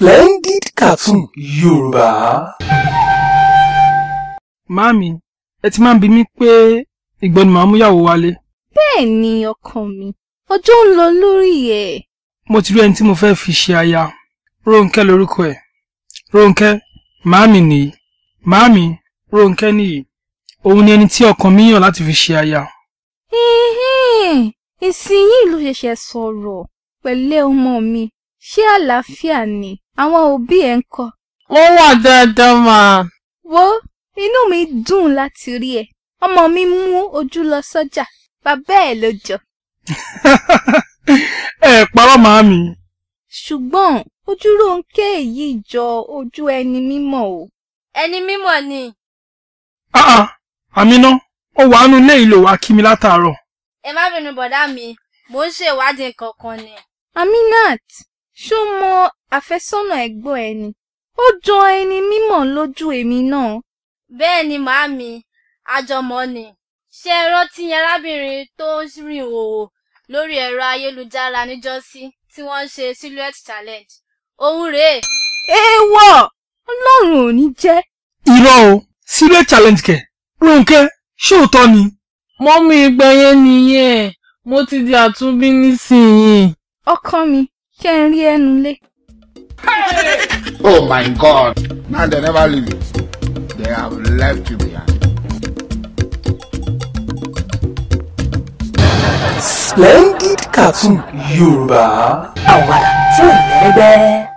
Splendid Cartoon Yorùbá. Màámi, ẹ ti máa ń bi mí pé ìgbọ́ ni màá mú ìyàwó wálé. Bẹ́ẹ̀ ni ọkàn mi, ọjọ́ ń lọ lórí ẹ̀. Mo ti rí ẹni tí mo fẹ́ fi ṣe aya. Rónkẹ́ lorúkọ ẹ̀. Rónkẹ́, màámi nìyí. Màámi, Rónkẹ́ nìyí. Òun ni ẹni tí ọkàn mi yàn láti fi ṣe aya. Ìsìn yìí ló ṣẹ̀ṣẹ̀ sọ̀rọ̀ pẹ̀lẹ́ ọmọ mi ṣé àlàáfíà ni àwọn òbí ẹ̀ ń kọ́. ó wà dáadáa máa. wo inú mi dùn láti rí ẹ ọmọ mi mú ojú lọ sọ́jà bàbá ẹ̀ ló jọ. ẹ parọ́ màámi. ṣùgbọ́n ojúrónkè yìí jọ ojú ẹni mímọ́ o. ẹni mímọ́ ni. Ah, ah. àmì náà ó wàá nu ilé ìlò wa kí mi látàárọ̀. ẹ má bínú bọ̀dá mi mò ń ṣèwádìí kankan ni. Aminat ṣó mọ àfẹ́sọ́nà ẹ̀gbọ́n ẹ ni ó jọ ẹni mímọ̀ lójú èmi náà. bẹ́ẹ̀ ni màámi àjọmọ̀ ni ṣé ẹ rántí arábìnrin tó ń rìn òwò lórí ẹ̀rọ ayélujára níjọ́sí tí wọ́n ń ṣe silhouette challenge òun rèé. èèwọ̀ ọlọ́run ò ní jẹ́. irọ́ o silhouette challenge kẹ̀ Rónkẹ́ ṣé òótọ́ ni. mọ́mí ìgbẹ́yẹn nìyẹn mo ti di àtúnbí nísìnyìí. ọkọ mi ṣé ń rí ẹnu lé. oh my god now they never leave you they have left you behind. splendid cartoon yorùbá àwàdà tí ò lẹ́gbẹ́.